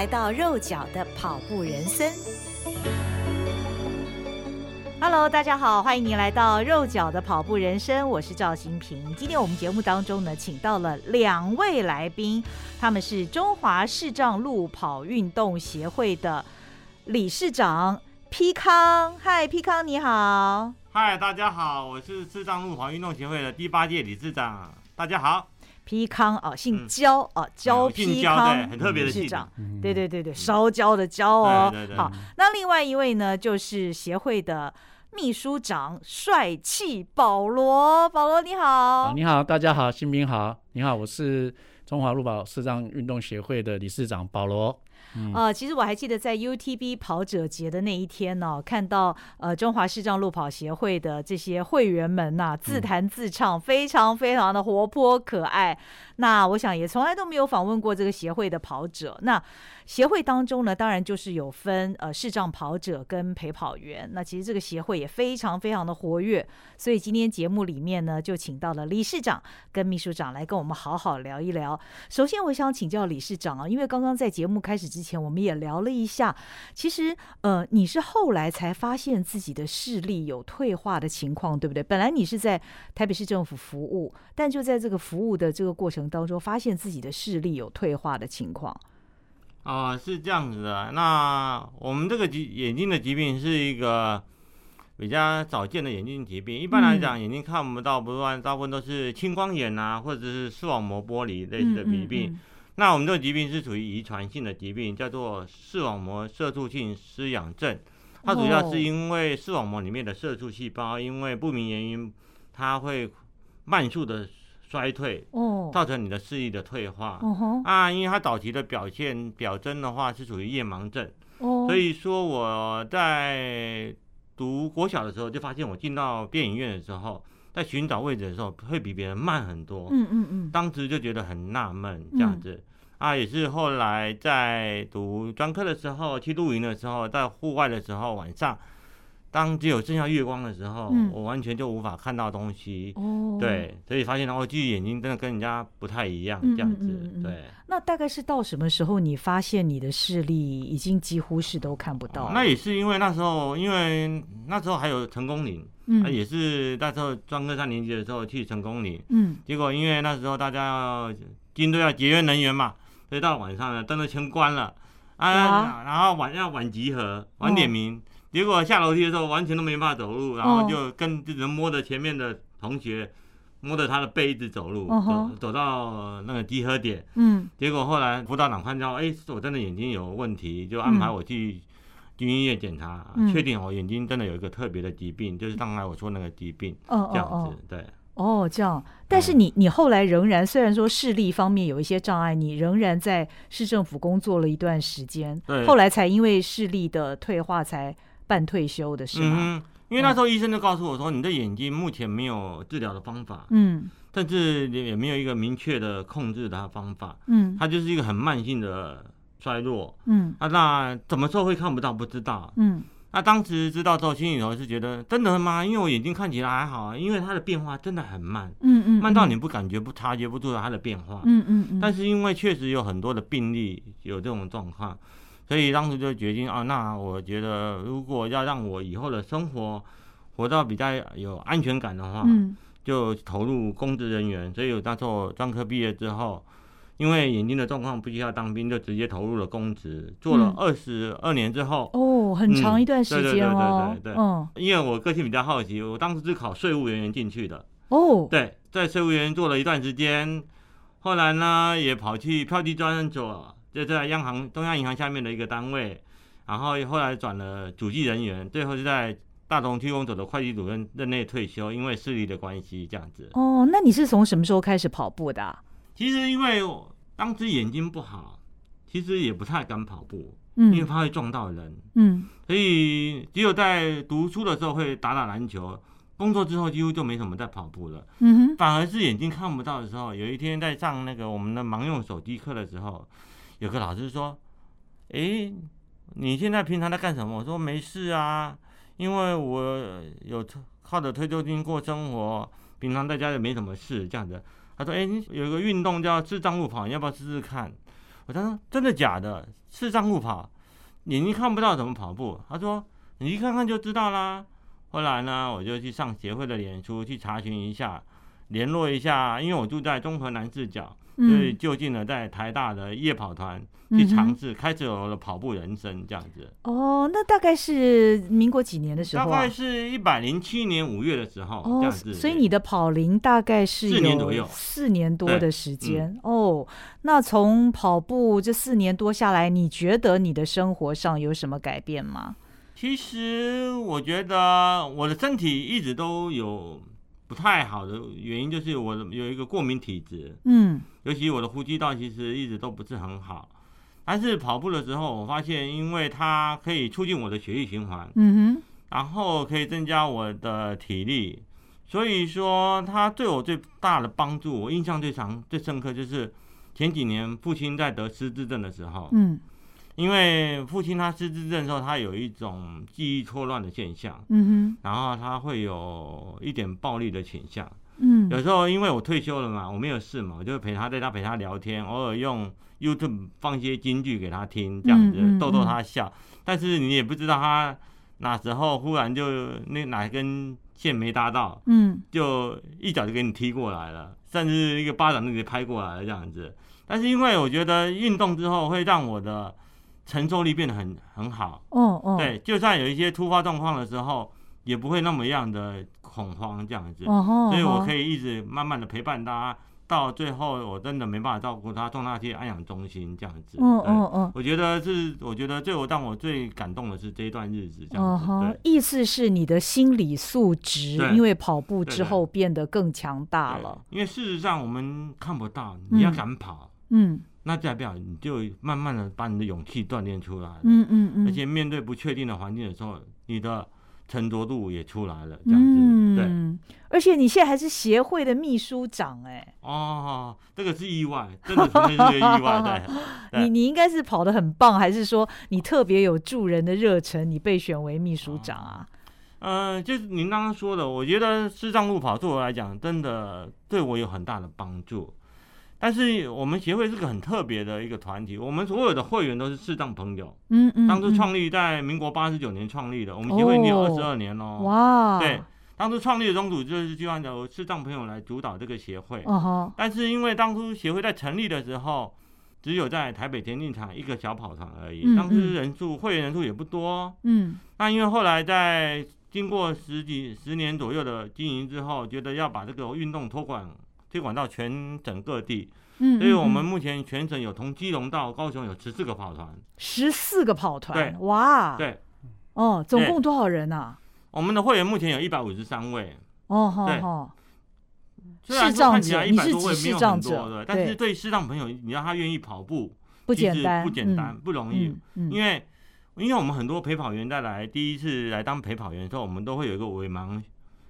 來到肉腳的跑步人蔘，Hello，大家好，歡迎您來到肉腳的跑步人蔘，我是趙新平趙心屏。今天我們節目當中呢，請到了兩位來賓，他們是中華視障路跑運動協會的理事長丕康。嗨，i 丕康，你好。嗨，大家好，我是視障路跑運動協會的第八屆理事長。大家好。丕康啊，姓焦、嗯、啊，焦丕康焦，很特別的姓長，對對對對，燒焦的焦哦，嗯、對對對好，那另外一位呢，就是協會的秘書長，帥氣保羅，保羅你好、啊，你好，大家好，心屏好，你好，我是中華路跑視障運動協會的理事長保羅。啊、嗯呃，其實我還記得在 UTB 跑者節的那一天呢、啊，看到呃中華視障路跑協會的這些會員們吶、啊，自彈自唱，非常非常的活潑可愛。嗯、那我想也從來都沒有訪問過這個協會的跑者。那協會當中呢，當然就是有分呃視障跑者跟陪跑員。那其實這個協會也非常非常的活躍，所以今天節目裡面呢，就請到了理事長跟秘書長來跟我們好好聊一聊。首先，我想請教理事長啊，因為剛剛在節目開始之，之前我們也聊了一下，其實呃，你是後來才發現自己的視力有退化的情況，對不對？本來你是在台北市政府服務，但就在這個服務的這個過程當中，發現自己的視力有退化的情況。啊、呃，是這樣子的。那我們這個疾眼睛的疾病是一個比較少見的眼睛疾病。一般來講，眼睛看不到，不然、嗯、大部分都是青光眼啊，或者是視網膜剝離類、類似的疾病。嗯嗯嗯那我們這個疾病是屬於遺傳性的疾病，叫做視網膜色素性失養症。它主要是因為視網膜裡面的色素細胞，oh. 因為不明原因，它會慢速的衰退，造成你的視力的退化。Oh. Uh huh. 啊，因為它早期的表現表徵的話是屬於夜盲症。Oh. 所以說我在讀國小的時候就發現，我進到電影院的時候，在尋找位置的時候，會比別人慢很多。嗯嗯嗯。嗯嗯當時就覺得很納悶，這樣子，嗯、啊，也是後來在讀專科、er、的時候，去露營的時候，在戶外的時候，晚上當只有剩下月光的時候，嗯、我完全就無法看到東西。哦，對，所以發現哦，自己眼睛真的跟人家不太一樣，嗯、這樣子，嗯嗯、對。那大概是到什麼時候，你發現你的視力已經幾乎是都看不到、啊？那也是因為那時候，因為那時候還有成功嶺。嗯，也是那時候專科三年級的時候去成功嶺，嗯，結果因為那時候大家要軍隊要節約能源嘛，所以到晚上呢燈都全關了，啊，然後晚上晚集合晚點名，結果下樓梯的時候完全都沒辦法走路，然後就跟只能摸着前面的同學，摸着他的背一直走路，走走到那個集合點，嗯，結果後來輔導員看到，哎，是我真的眼睛有問題，就安排我去。去醫院檢查，確、嗯、定哦，我眼睛真的有一個特別的疾病，嗯、就是剛才我說那個疾病，這樣子，哦哦哦對。哦，這樣。但是你，嗯、你後來仍然雖然說視力方面有一些障礙，你仍然在市政府工作了一段時間，對後來才因為視力的退化才辦退休的，事情、嗯。因為那時候醫生就告訴我說，嗯、你的眼睛目前沒有治療的方法，嗯，甚至也沒有一個明確的控制它的方法，嗯，它就是一個很慢性的。衰弱，嗯，啊，那怎麼說會看不到？不知道，嗯，那、啊、當時知道之後，心裡頭是覺得、嗯、真的嗎？因為我眼睛看起來還好啊，因為它的變化真的很慢，嗯嗯，嗯，慢到你不感覺、不察覺不出它的變化，嗯嗯，但是因為確實有很多的病例有這種狀況，所以當時就決定啊，那我覺得如果要讓我以後的生活活到比較有安全感的話，嗯，就投入公職人員。所以當初我專科畢業之後。因為眼睛的狀況不需要當兵，就直接投入了公職，做了二十二年之後、嗯嗯、哦，很長一段時間哦、嗯，對對對，對，對嗯，因為我個性比較好奇，我當時是考稅務人員進去的哦，對，在稅務員做了一段時間，後來呢也跑去票據專做，就在央行中央銀行下面的一個單位，然後後來轉了主計人員，最後是在大同區公所的會計主任任內退休，因為視力的關係這樣子哦。那你是從什麼時候開始跑步的、啊？其實因為。當時眼睛不好，其實也不太敢跑步，嗯，因為怕會撞到人，嗯，所以只有在讀書的時候會打打籃球，工作之後幾乎就沒什麼在跑步了，嗯哼，反而是眼睛看不到的時候，有一天在上那個我們的盲用手機課的時候，有個老師說，哎、欸，你現在平常在幹什麼？我說沒事啊，因為我有靠着退休金過生活，平常在家裡沒什麼事這樣子。他說：“哎、欸，你有一個運動叫視障路跑，你要不要試試看？”我他說：“真的假的？視障路跑，眼睛看不到怎麼跑步？”他說：“你去看看就知道啦。”後來呢，我就去上協會的臉書去查詢一下，聯絡一下，因為我住在中和南勢角。對，就近呢，在台大的夜跑團去嘗試，開始我的跑步人生這樣子。哦、嗯，oh, 那大概是民國幾年的時候、啊？大概是一百零七年五月的時候這樣子。Oh, 對所以你的跑齡大概是四年左右，四年，四年多的時間。哦，嗯 oh, 那從跑步這四年多下來，你覺得你的生活上有什麼改變嗎？其實我覺得我的身體一直都有。不太好的原因就是我有一個過敏體質，嗯，尤其我的呼吸道其實一直都不是很好，但是跑步的時候，我發現因為它可以促進我的血液循環，嗯哼，然後可以增加我的體力，所以說它對我最大的幫助，我印象最長、最深刻就是前幾年父親在得失智症的時候，嗯。因為父親他失智症的時候，他有一種記憶錯亂的現象，然後他會有一點暴力的傾向，嗯，有時候因為我退休了嘛，我沒有事嘛，我就陪他在家陪他聊天，偶爾用 YouTube 放些京劇給他聽，這樣子逗逗他笑。但是你也不知道他哪時候忽然就那哪根線沒搭到，嗯，就一腳就給你踢過來了，甚至一個巴掌就給你拍過來了這樣子。但是因為我覺得運動之後會讓我的承受力變得很很好，嗯嗯，對，就算有一些突發狀況的時候，也不會那麼樣的恐慌這樣子，oh, oh, oh, oh. 所以我可以一直慢慢的陪伴他，到最後我真的沒辦法照顧他，送他去安養中心這樣子，嗯嗯嗯，我覺得是，我覺得最後讓我，我最感動的是這一段日子，樣，吼，意思是你的心理素質對因為跑步之後變得更強大了對對對，因為事實上我們看不到你要敢跑，嗯。嗯那代表你就慢慢的把你的勇氣鍛鍊出來了，嗯嗯嗯，而且面對不確定的環境的時候，你的沉着度也出來了這樣子，子、嗯、對。而且你現在還是協會的秘書長、欸，哎。哦，這個是意外，真的是個意外， 對。對，你你應該是跑得很棒，還是說你特別有助人的熱忱，你被選為秘書長啊？嗯、哦呃，就是您剛剛說的，我覺得視障路跑對我來講，真的對我有很大的幫助。但是我們協會是個很特別的一個團體，我們所有的會員都是視障朋友。嗯，嗯嗯。當初創立在民國八十九年創立的，我們協會也有二十二年了，喔哦，哇。對，當初創立的宗旨就是希望由視障朋友來主導這個協會。哦哈但是因為當初協會在成立的時候，只有在台北田徑場一個小跑團而已，嗯嗯，當時人數會員人數也不多。嗯。那因為後來在經過十幾十年左右的經營之後，覺得要把這個運動托管。推廣到全省各地，嗯,嗯,嗯，所以我們目前全省有從基隆到高雄有十四個跑團，十四、嗯嗯、個跑團，對哇，對，哦，總共多少人呢、啊、我們的會員目前有一百五十三位，哦吼吼，對，雖然說看起來一百多位沒有很多的，視障者，你是視障者對，但是對視障朋友，你讓他願意跑步，不簡單，不簡單，嗯、不容易，嗯嗯、因為因為我們很多陪跑員再來第一次來當陪跑員的時候，我們都會有一個尾盲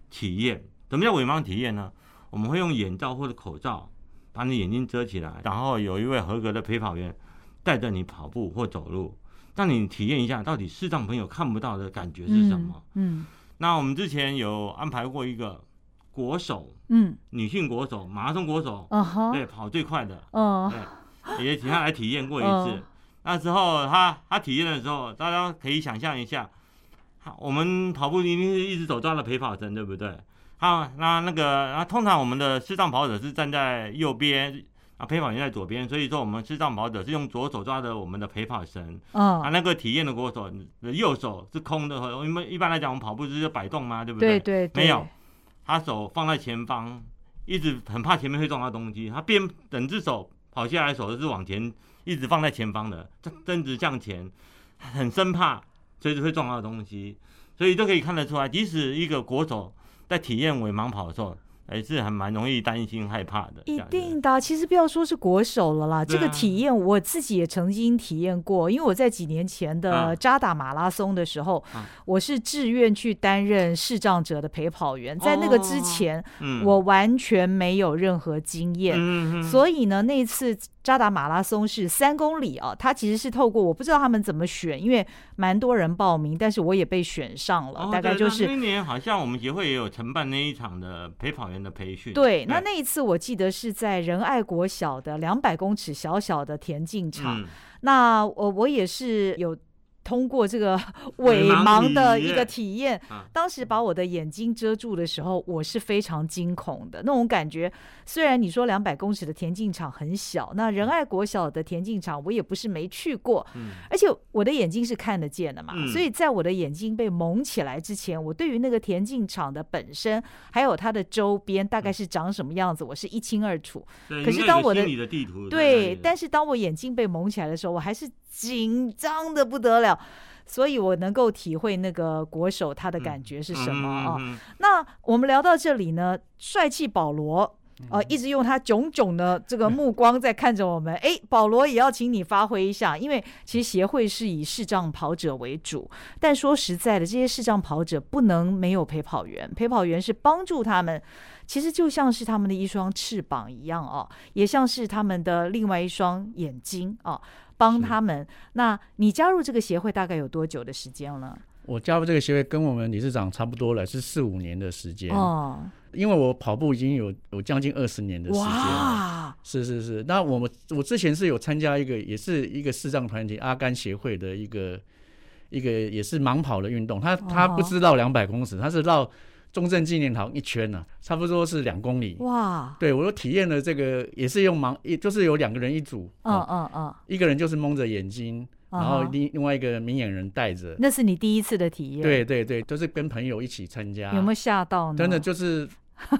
體驗，什麼叫尾盲體驗呢？我們會用眼罩或者口罩把你眼睛遮起來，然後有一位合格的陪跑員帶着你跑步或走路，讓你體驗一下到底視障朋友看不到的感覺是什麼。嗯，嗯，那我們之前有安排過一個國手，嗯，女性國手，馬拉松國手，嗯、對，跑最快的，嗯、哦，也請他來體驗過一次。哦、那時候他他體驗的時候，大家可以想象一下，我們跑步一定是一直走到了陪跑生，對不對？啊，那那個啊，通常我們的視障跑者是站在右邊，啊，陪跑員在左邊，所以說我們視障跑者是用左手抓着我們的陪跑繩，哦、啊，那個體驗的國手右手是空的，因為一般來講，我們跑步就是擺動嘛，對不對？對，對，對沒有，他手放在前方，一直很怕前面會撞到東西，他邊整隻手跑下來，手都是往前一直放在前方的，正直向前，很生怕隨時會撞到東西，所以都可以看得出來，即使一個國手。在體驗偽盲跑的時候，還是還蠻容易擔心害怕的，一定的。其實不要說是國手了啦，啊、這個體驗我自己也曾經體驗過。啊、因為我在幾年前的渣打馬拉松的時候，啊、我是志願去擔任視障者的陪跑員。啊、在那個之前，哦嗯、我完全沒有任何經驗，嗯嗯嗯、所以呢，那次渣打馬拉松是三公里啊。他其實是透過我不知道他們怎麼選，因為蠻多人報名，但是我也被選上了。哦、大概就是今年好像我們協會也有承辦那一場的陪跑員。培訓，對，對那那一次我記得是在仁愛國小的兩百公尺小小的田徑場，嗯、那我我也是有，通過這個偽盲的一個體驗，啊、當時把我的眼睛遮住的時候，我是非常驚恐的那種感覺。雖然你說兩百公尺的田徑場很小，那仁愛國小的田徑場我也不是沒去過，嗯、而且我的眼睛是看得見的嘛，嗯、所以在我的眼睛被蒙起來之前，我對於那個田徑場的本身還有它的周邊大概是長什麼樣子，我是一清二楚。嗯、可是當我的，地圖，對，對，但是當我眼睛被蒙起來的時候，我還是。緊張得不得了，所以我能夠體會那個國手他的感覺是什麼啊、哦？嗯嗯嗯、那我們聊到這裡呢，帥氣保羅、嗯、啊，一直用他炯炯的這個目光在看着我們。哎、嗯欸，保羅，也要請你發揮一下，因為其實協會是以視障跑者為主，但說實在的，這些視障跑者不能沒有陪跑員，陪跑員是幫助他們，其實就像是他們的一雙翅膀一樣啊、哦，也像是他們的另外一雙眼睛啊、哦。幫他們。是那你加入這個協會大概有多久的時間了？我加入這個協會跟我們理事長差不多了，是四五年的時間哦。因為我跑步已經有有將近二十年的時間了。哇！是是是。那我們我之前是有參加一個，也是一個視障團體阿甘協會的一個一個也是盲跑的運動。他他不是繞兩百公尺，他是繞。哦中正紀念堂一圈呢，差不多是兩公里。哇！對我又體驗了這個，也是用盲，也就是有兩個人一組。嗯嗯嗯，一個人就是蒙着眼睛，然後另另外一個明眼人帶着。那是你第一次的體驗。對對對，都是跟朋友一起參加。有沒有嚇到呢？真的就是，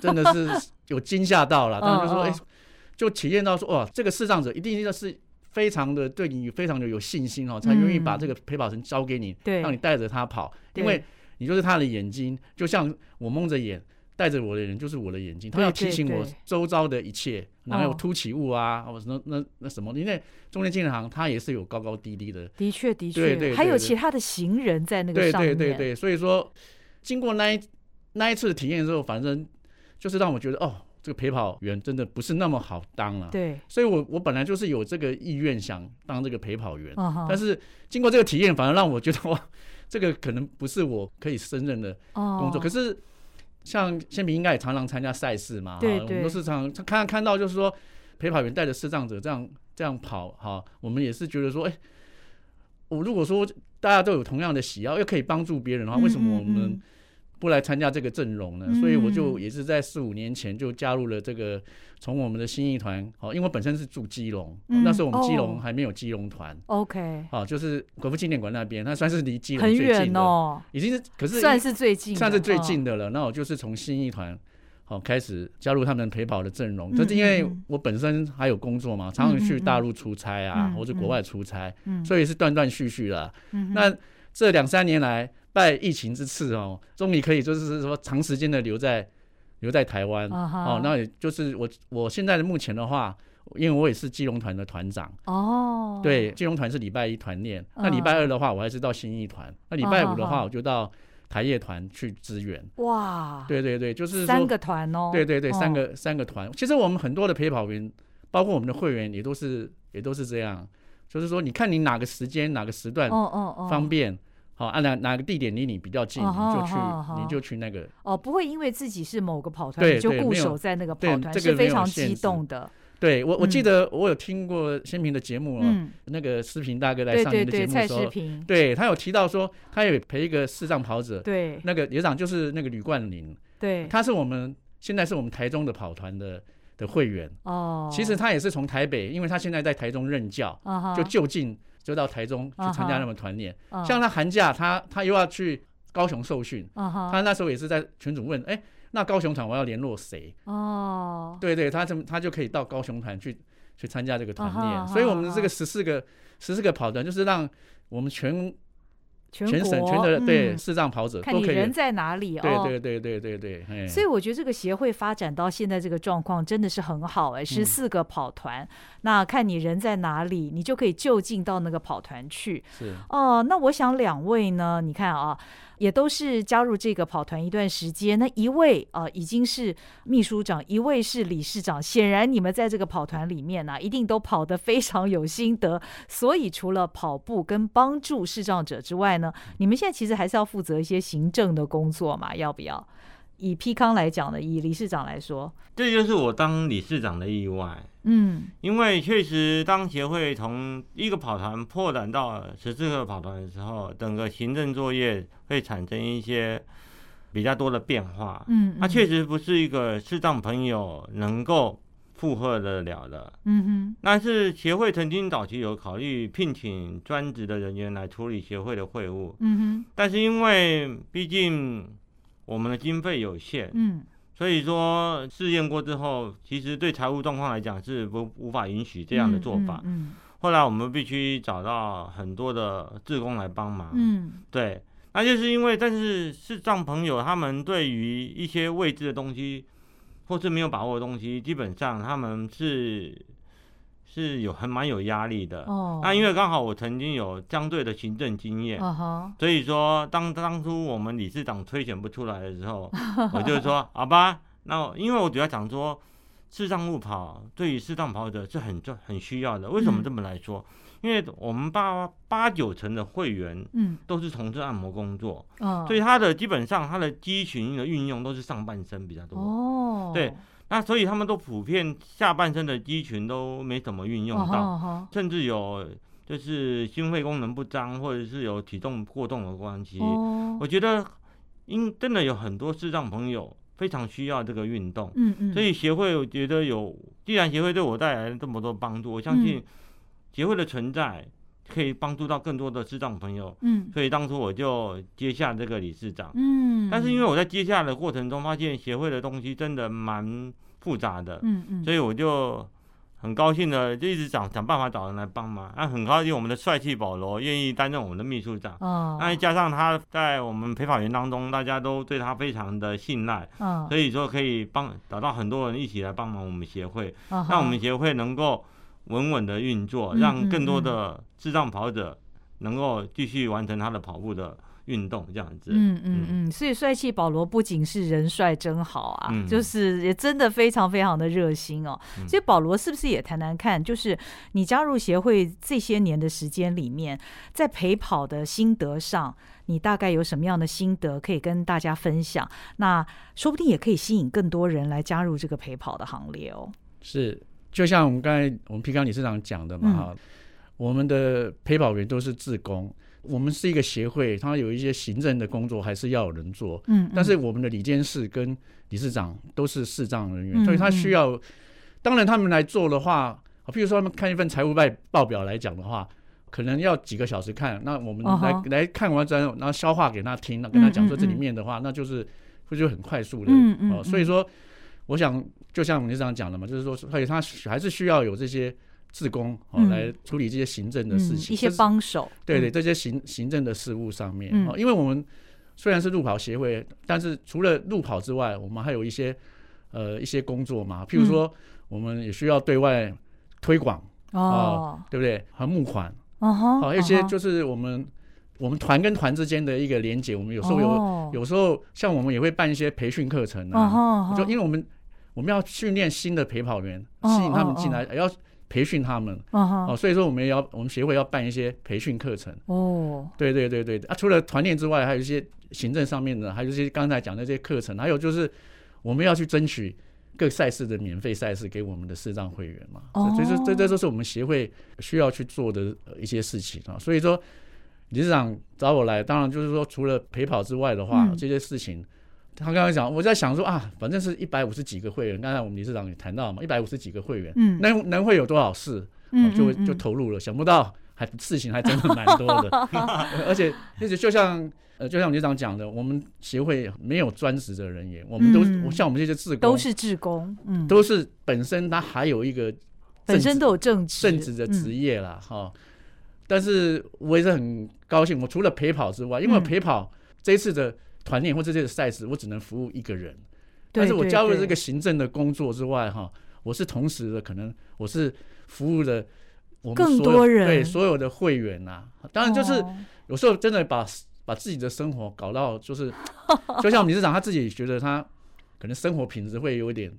真的是有驚嚇到了。但是就說：“哎，就體驗到說，哇，這個視障者一定是非常的對你非常有有信心哦，才願意把這個陪跑繩交給你，讓你帶着他跑，因為。”你就是他的眼睛，就像我矇着眼，戴着我的人就是我的眼睛。他要提醒我周遭的一切，然後有凸起物啊，哦哦、那那那什麼？因為中間建行他也是有高高低低的。的確的確，的確對，對，對，對，對，還有其他的行人在那個上面對對對對，所以說，經過那一那一次的體驗之後，反正就是讓我覺得，哦，這個陪跑員真的不是那麼好當了、啊。對，所以我我本來就是有這個意願想當這個陪跑員，嗯、哼但是經過這個體驗，反而讓我覺得哇，這個可能不是我可以勝任的工作，哦、可是像先民應該也常常參加賽事嘛？對對，我們都是常常看，看到，就是說陪跑員帶着視障者這樣這樣跑哈，我們也是覺得說，哎、欸，我如果說大家都有同樣的喜好，又可以幫助別人，的話為什麼我們嗯嗯嗯？不來參加這個陣容呢？所以我就也是在四五年前就加入了這個，從我們的新義團，好，因為我本身是住基隆，嗯喔，那時候我們基隆還沒有基隆團，哦、，OK，、啊、就是國父紀念館那邊，那算是離基隆最近的。很遠哦，已經是可是算是最近，算是最近的了。那我就是從新義團好開始加入他們陪跑的陣容，就、嗯、是因為我本身還有工作嘛，常常去大陸出差啊，嗯嗯、或者國外出差，嗯嗯、所以是斷斷續續的。嗯嗯、那這兩三年來，拜疫情之賜哦，終於可以就是說長時間的留在留在台灣哦，那也就是我我現在的目前的話，因為我也是基隆團的團長哦，對，基隆團是禮拜一團練，那禮拜二的話，我還是到新義團，那禮拜五的話，我就到台業團去支援。哇，對對對，對，就是三個團哦，對對對，三個三個團，其實我們很多的陪跑員，包括我們的會員也都是也都是這樣。就是說，你看你哪個時間、哪個時段方便，好，按哪哪個地點離你比較近，你就去，你就去那個。哦，不會因為自己是某個跑團就固守在那個跑團是非常激動的。對，我我記得我有聽過先平的節目，那個視障大哥在上面的節目說，對，他有提到說，他也陪一個視障跑者，對，那個業長就是那個呂冠霖。對，他是我們現在是我們台中的跑團的。的會員哦，oh. 其實他也是從台北，因為他現在在台中任教，uh huh. 就就近就到台中去參加那個團練。Uh huh. uh huh. 像他寒假，他他又要去高雄受訓，uh huh. 他那時候也是在群組問，哎、欸，那高雄團我要聯絡誰？Oh. 對，對對，他麼他就可以到高雄團去去參加這個團練。Uh huh. 所以我們的這個十四個十四個跑團就是讓我們全。全省、全的省、嗯、對視障跑者，看你人在哪裡哦。對對對對對對。所以我覺得這個協會發展到現在這個狀況真的是很好。哎、欸，十四個跑團，嗯、那看你人在哪裡，你就可以就近到那個跑團去。是哦、呃，那我想兩位呢？你看啊。也都是加入這個跑團一段時間，那一位啊、呃、已經是秘書長，一位是理事長。顯然你們在這個跑團裡面呢、啊，一定都跑得非常有心得。所以除了跑步跟幫助視障者之外呢，你們現在其實還是要負責一些行政的工作嘛？要不要？以丕康來講呢，以理事長來說，這就是我當理事長的意外。嗯，因為確實，當協會從一個跑團擴展到十四個跑團的時候，整個行政作業會產生一些比較多的變化。嗯，它、嗯、確實不是一個市長朋友能夠負荷得了的。嗯哼，但、嗯、是協會曾經早期有考慮聘請專職的人員來處理協會的會務、嗯。嗯哼，但是因為畢竟。我們的經費有限，嗯，所以說試驗過之後，其實對財務狀況來講是不無法允許這樣的做法。嗯，嗯嗯後來我們必須找到很多的志工來幫忙，嗯，對，那就是因為，但是視障朋友他們對於一些未知的東西，或是沒有把握的東西，基本上他們是。是有還蠻有壓力的、oh. 那因為剛好我曾經有相對的行政經驗，uh huh. 所以說當當初我們理事長推選不出來的時候， 我就說好吧。那因為我主要講說，視障路跑對於視障跑者是很重很需要的。為什麼這麼來說？嗯、因為我們八八九成的會員都是從事按摩工作、嗯 oh. 所以他的基本上他的肌群的運用都是上半身比較多、oh. 對。那所以他們都普遍下半身的肌群都沒怎麼運用到，oh, oh, oh, oh. 甚至有就是心肺功能不彰，或者是有體重過重的關係。Oh. 我覺得，因真的有很多視障朋友非常需要這個運動。嗯嗯，所以協會我覺得有，既然協會對我帶來了這麼多幫助，我相信協會的存在，嗯。可以幫助到更多的視障朋友，嗯，所以當初我就接下這個理事長，嗯，但是因為我在接下的過程中發現協會的東西真的蠻複雜的，嗯，嗯，所以我就很高興的就一直想想辦法找人來幫忙，那很高興我們的帥氣保羅願意擔任我們的秘書長，哦、那加上他在我們陪跑員當中，大家都對他非常的信賴，哦、所以說可以幫找到很多人一起來幫忙我們協會，讓、哦、我們協會能夠。穩穩的運作，讓更多的視障跑者能夠繼續完成他的跑步的運動，這樣子。嗯嗯嗯，嗯，所以帥氣保羅不僅是人帥真好啊，嗯、就是也真的非常非常的熱心哦。所以保羅是不是也談談看？就是你加入協會這些年的時間裡面，在陪跑的心得上，你大概有什麼樣的心得可以跟大家分享？那說不定也可以吸引更多人來加入這個陪跑的行列哦。是。就像我們剛才我們丕康理事長講的嘛、嗯，哈，我們的陪跑員都是志工，我們是一個協會，他有一些行政的工作還是要有人做，嗯，嗯但是我們的理監事跟理事長都是視障人員，嗯、所以他需要，嗯、當然他們來做的話，譬如說他們看一份財務報報表來講的話，可能要幾個小時看，那我們來、哦、來看完之後，然後消化給他聽，那跟他講說這裡面的話，嗯嗯嗯、那就是會就很快速的，嗯嗯、哦，所以說我想。就像我們這樣講的嘛，就是說，他還是需要有這些志工、喔、來處理這些行政的事情、嗯嗯，一些幫手。對對，這些行、嗯、行政的事務上面、喔，因為我們雖然是路跑協會，但是除了路跑之外，我們還有一些呃一些工作嘛，譬如說，我們也需要對外推廣、喔嗯，哦，對不對？還募款，哦，好，一些就是我們我們團跟團之間的一個連接，我們有時候有，有時候像我們也會辦一些培訓課程啊，就因為我們。我們要訓練新的陪跑員，吸引他們進來，oh, oh, oh. 要培訓他們。Uh huh. 哦，所以說我們也要我們協會要辦一些培訓課程。哦，對對對對，啊，除了團練之外，還有一些行政上面的，還有一些剛才講的那些課程，還有就是我們要去爭取各賽事的免費賽事給我們的視障會員嘛。Oh. 所以說這這都是我們協會需要去做的一些事情啊、哦。所以說理事長找我來，當然就是說除了陪跑之外的話，嗯、這些事情。他剛剛講，我在想說啊，反正是一百五十幾個會員，剛才我們理事長也談到嘛，一百五十幾個會員，嗯、能能會有多少事，哦、就就投入了，嗯嗯、想不到還事情還真的蠻多的， 而且而且就像呃就像理事長講的，我們協會沒有專職的人員，我們都、嗯、像我們這些志工都是志工，嗯、都是本身他還有一個本身都有正職正職的職業啦。哈、嗯哦，但是我也是很高興，我除了陪跑之外，因為陪跑這次的。團練或這些賽事，我只能服務一個人。對對對，但是我加入了這個行政的工作之外，哈、啊，我是同時的，可能我是服務了我們所有更多人，對所有的會員吶、啊。當然，就是有時候真的把、哦、把自己的生活搞到就是，就像理事長他自己覺得他可能生活品質會有點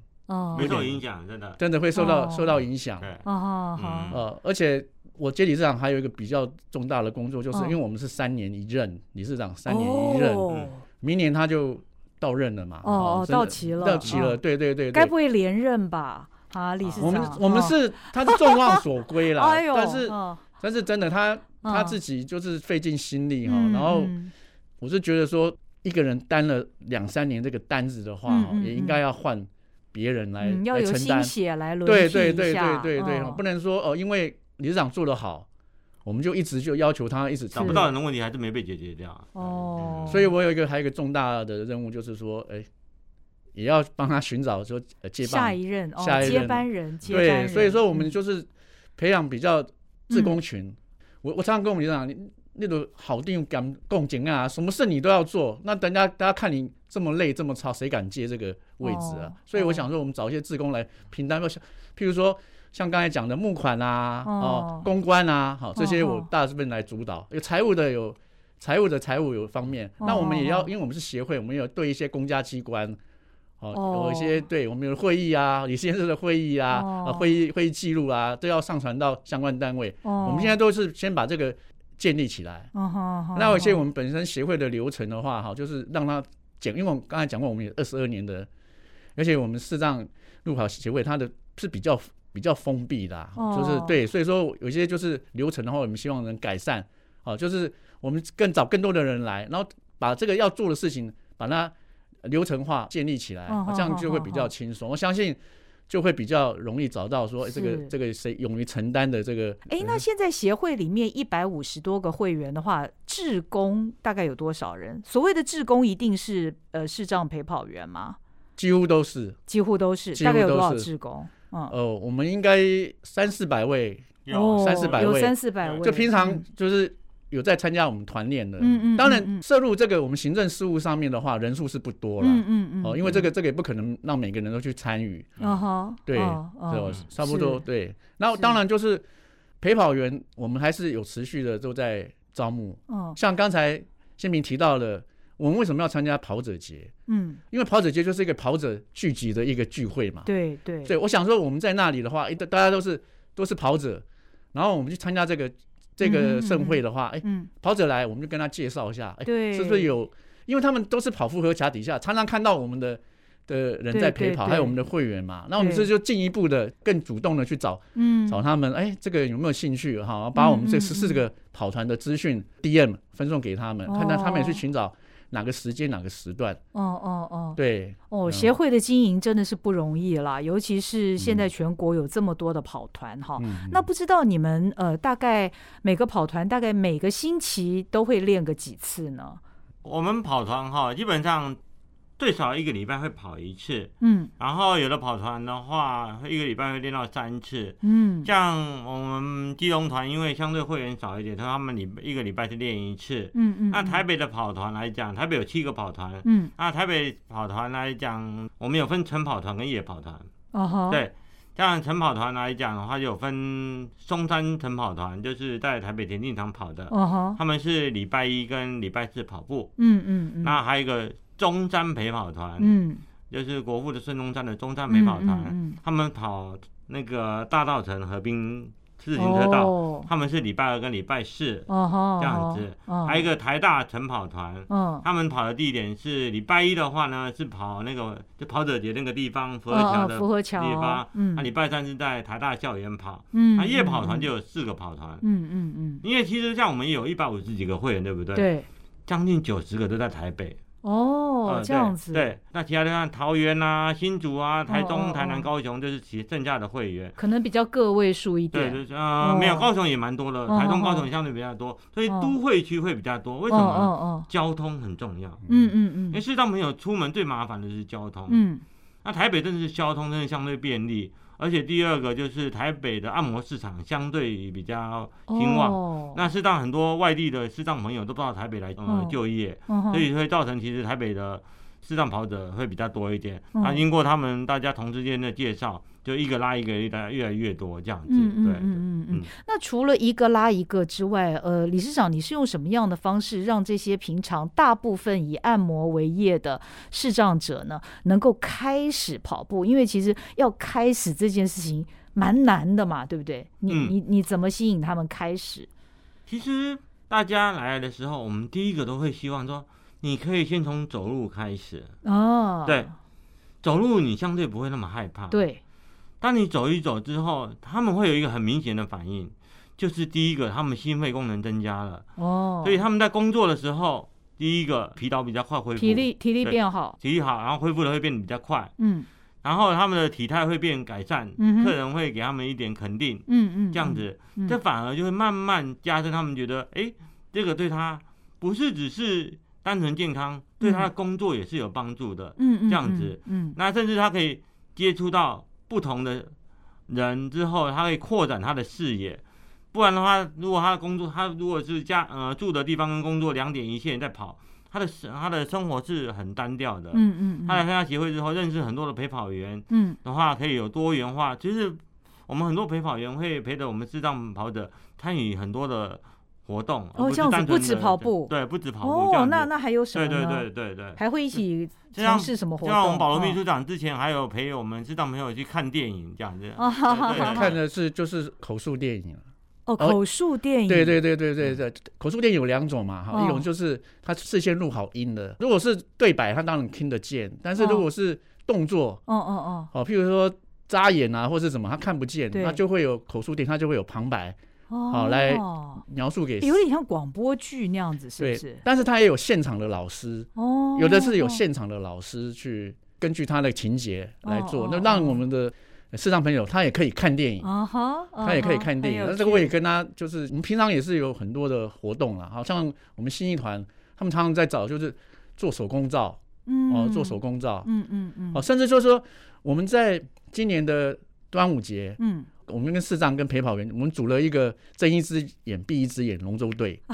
沒有點影響，真的、 哦、真的會受到受到影響。哦、嗯嗯、而且我接理事長還有一個比較重大的工作，就是因為我們是三年一任、哦、理事長，三年一任。哦嗯明年他就到任了嘛？哦哦，到期了，到期了，對對對，該不會連任吧？啊，理事長，我們我們是，他是眾望所歸啦。哎呦，但是但是真的，他他自己就是費盡心力哈。然後我是覺得說，一個人擔了兩三年這個單子的話，也應該要換別人來來承擔。來對對對對對對，不能說哦，因為理事長做得好。我們就一直就要求他一直找不到人，的問題還是沒被解決掉是。哦，嗯、所以我有一個，還有一個重大的任務，就是說、欸，也要幫他尋找說接班下一任下一任、哦、接班人。接班人對，所以說我們就是培養比較志工群。我、嗯、我常常跟我們講，那種校長兼撞鐘啊，什麼事你都要做，那等下大家看你這麼累這麼差誰敢接這個位置啊？哦、所以我想說，我們找一些志工來平攤，譬如說。像剛才講的募款啊，哦，公關啊，好，這些我大致分來主導。哦、有財務的有，有財務的財務有方面。哦、那我們也要，因為我們是協會，我們有對一些公家機關，哦，哦有一些對我們有會議啊，理監事的會議啊，哦、啊會議會議記錄啊，都要上傳到相關單位。哦，我們現在都是先把這個建立起來。哦那有一些我們本身協會的流程的話，哈，就是讓他簡，因為我們剛才講過，我們有二十二年的，而且我們視障路跑協會，它的是比較。比較封閉的、啊，oh. 就是對，所以說有些就是流程的話，我們希望能改善。好、啊，就是我們更找更多的人來，然後把這個要做的事情，把它流程化建立起來，oh. 這樣就會比較輕鬆。Oh. 我相信就會比較容易找到說、oh. 欸、這個這個誰勇於承擔的這個。哎、欸，那現在協會裡面一百五十多個會員的話，志工大概有多少人？所謂的志工一定是呃視障陪跑員嗎？幾乎都是。幾乎都是。大概有多少志工？哦，我們應該三四百位，有三四百位，三四百位，就平常就是有在參加我們團練的。嗯嗯，當然涉入這個我們行政事務上面的話，人數是不多了。嗯嗯哦，因為這個這個也不可能讓每個人都去參與。啊哈，對，差不多對。那當然就是陪跑員，我們還是有持續的都在招募。像剛才心屏提到了。我們為什麼要參加跑者節？嗯，因為跑者節就是一個跑者聚集的一個聚會嘛。對對。所以我想說我們在那裡的話，一大家都是都是跑者，然後我們去參加這個這個盛會的話，哎，跑者來，我們就跟他介紹一下，哎，是不是有？因為他們都是跑福和橋底下，常常看到我們的的人在陪跑，還有我們的會員嘛。那我們這就進一步的更主動的去找，嗯，找他們，哎，這個有沒有興趣？哈，把我們這十四個跑團的資訊 DM 分送給他們，看看他們也去尋找。哪個時間哪個時段哦？哦哦哦，對哦，嗯，協會的經營真的是不容易啦，尤其是現在全國有這麼多的跑團哈。嗯，那不知道你們呃，大概每個跑團大概每個星期都會練個幾次呢？我們跑團哈，基本上。最少一個禮拜會跑一次，嗯，然後有的跑團的話，一個禮拜會練到三次，嗯，像我們基隆團，因為相對會員少一點，他們禮一個禮拜是練一次，嗯嗯。嗯，那台北的跑團來講，嗯、台北有七個跑團，嗯，那台北跑團來講，我們有分晨跑團跟夜跑團，哦吼對，像晨跑團來講的話，就有分松山晨跑團，就是在台北田徑場跑的，哦吼他們是禮拜一跟禮拜四跑步，嗯嗯嗯，那還有一個。中山陪跑團，就是國父的孫中山的中山陪跑團，他們跑那個大稻埕河濱自行車道，他們是禮拜二跟禮拜四，這樣子。還有一個台大晨跑團，他們跑的地點是禮拜一的話呢，是跑那個就跑者節那個地方，福和橋的福和橋地方。那禮拜三是在台大校園跑。嗯，那夜跑團就有四個跑團。嗯嗯嗯。因為其實像我們有一百五十幾個會員，對不對？對，將近九十個都在台北。哦，這樣子。呃、對，對，那其他的，像桃園啊、新竹啊、台中、哦哦、台南、高雄，就是其實剩下的會員，可能比較個位數一點。對、就是，呃，沒有、哦、高雄也蠻多的，台中高雄相對比較多，哦、所以都會區會比較多。哦、為什麼？哦哦、交通很重要。嗯嗯嗯，嗯嗯，因為視障朋友出門最麻煩的是交通。嗯，那台北真的是交通真的相對便利。而且第二個就是台北的按摩市場相對比較興旺，oh. 那適當很多外地的視障朋友都到台北來，oh. 呃就業，oh. 所以會造成其實台北的視障跑者會比較多一點。那、oh. 啊、經過他們大家同事間的介紹。Oh. 嗯就一個拉一個，越來越來越多這樣子。嗯、對，對嗯嗯，那除了一個拉一個之外，呃，理事長，你是用什麼樣的方式讓這些平常大部分以按摩為業的視障者呢，能夠開始跑步？因為其實要開始這件事情蠻難的嘛，對不對？你你、嗯、你怎麼吸引他們開始？其實大家來的時候，我們第一個都會希望說，你可以先從走路開始。哦、啊。對。走路你相對不會那麼害怕。對。當你走一走之後，他們會有一個很明顯的反應，就是第一個，他們心肺功能增加了哦，oh. 所以他們在工作的時候，第一個疲勞比較快恢復，體力體力變好，體力好，然後恢復的會變得比較快，嗯，然後他們的體態會變改善，嗯、哼客人會給他們一點肯定，嗯嗯，嗯這樣子，嗯嗯、這反而就會慢慢加深他們覺得，哎、嗯，這個對他不是只是單純健康，對他的工作也是有幫助的，嗯嗯，這樣子，嗯，嗯嗯嗯那甚至他可以接觸到。不同的人之後，他會擴展他的視野。不然的話，如果他的工作，他如果是家呃住的地方跟工作兩點一線在跑，他的他的生活是很單調的。嗯嗯嗯。他來參加協會之後，認識很多的陪跑員，嗯，的話可以有多元化。其實我們很多陪跑員會陪着我們視障跑者參與很多的。活動哦，這樣子不止跑步，對，不止跑步哦。那那還有什麼？對對對對對，還會一起嘗試什麼活動？就像我們保羅秘書長之前還有陪我們視障朋友去看電影，這樣子。哦看的是就是口述電影。哦，口述電影。對對對對對對，口述電影有兩種嘛，哈，一種就是他事先錄好音的，如果是對白，他當然聽得見；但是如果是動作，哦哦哦，哦，譬如說眨眼啊，或者什麼，他看不見，那就會有口述電影，他就會有旁白。好，來描述給，有點像廣播劇那樣子，是不是？但是他也有現場的老師，有的是有現場的老師去根據他的情節來做，那讓我們的視障朋友他也可以看電影，他也可以看電影。那這個我也跟他，就是我們平常也是有很多的活動啊。好像我們新一團他們常常在找，就是做手工皂，嗯，哦，做手工皂，嗯嗯嗯，甚至就是說我們在今年的端午節，嗯。我們跟視障跟陪跑員，我們組了一個睜一隻眼閉一隻眼龍舟隊。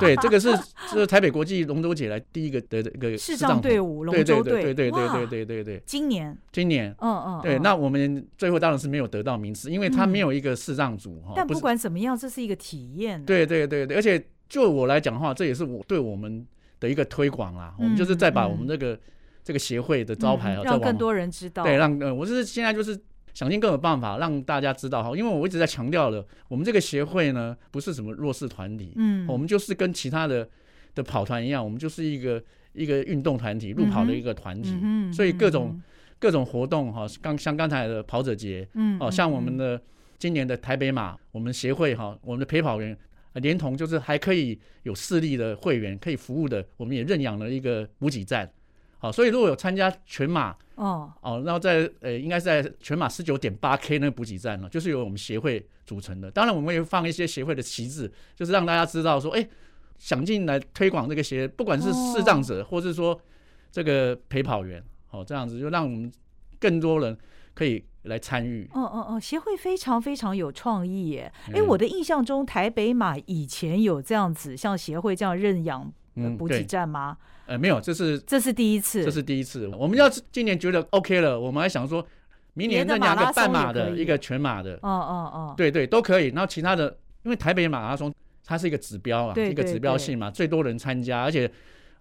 對，這個是是台北國際龍舟節來第一個得的一個視障隊伍龍舟隊。對對對對對對對對。 今年。今年，嗯嗯。嗯對，那我們最後當然是沒有得到名次，因為他沒有一個視障組哈。嗯啊、不但不管怎麼樣，這是一個體驗、啊。對對對對，而且就我來講的話，這也是我對我們的一個推廣啦。嗯。我們就是在把我們、那個嗯、這個這個協會的招牌啊，在、嗯、讓更多人知道。對，讓、嗯、我是現在就是。想盡各種辦法讓大家知道哈，因為我一直在強調了，我們這個協會呢，不是什麼弱勢團體，嗯，我們就是跟其他的的跑團一樣，我們就是一個一個運動團體，路跑的一個團體，嗯，嗯，所以各種各種活動哈，剛像剛才的跑者節，嗯，哦，像我們的今年的台北馬，我們協會哈，我們的陪跑員連同就是還可以有視力的會員可以服務的，我們也認養了一個補給站。好，所以如果有參加全馬哦哦，然後在呃、欸，應該是在全馬十九點八 K 那個補給站呢，就是由我們協會組成的。當然，我們也會放一些協會的旗幟，就是讓大家知道說，哎、欸，想進來推廣這個協，不管是視障者，或是說這個陪跑員，好、哦、這樣子，就讓我們更多人可以來參與。哦哦哦，協會非常非常有創意耶！哎、嗯，欸、我的印象中台北馬以前有這樣子，像協會這樣認養補給站嗎？嗯沒有，這是這是第一次，這是第一次。嗯、我們要今年覺得 OK 了，我們還想說，明年再兩個半馬的馬一個全馬的，哦哦哦，哦哦對對，都可以。然後其他的，因為台北馬拉松它是一個指標啊，對對對一個指標性嘛，最多人參加，而且，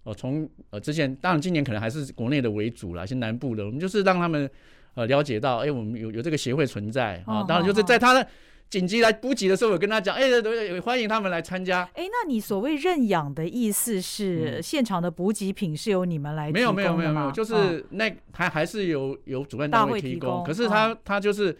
我、呃、從呃之前，當然今年可能還是國內的為主啦，先南部的，我們就是讓他們呃了解到，哎，我們有有這個協會存在啊。哦、當然就是在他的。哦哦緊急來補給的時候，我跟他講，哎、欸，對，歡迎他們來參加。哎、欸，那你所謂認養的意思是，嗯、現場的補給品是由你們來提供的嗎？沒有，沒有，沒有，沒有，就是那他、哦、還是有有主辦單位提供，提供可是他他就是。哦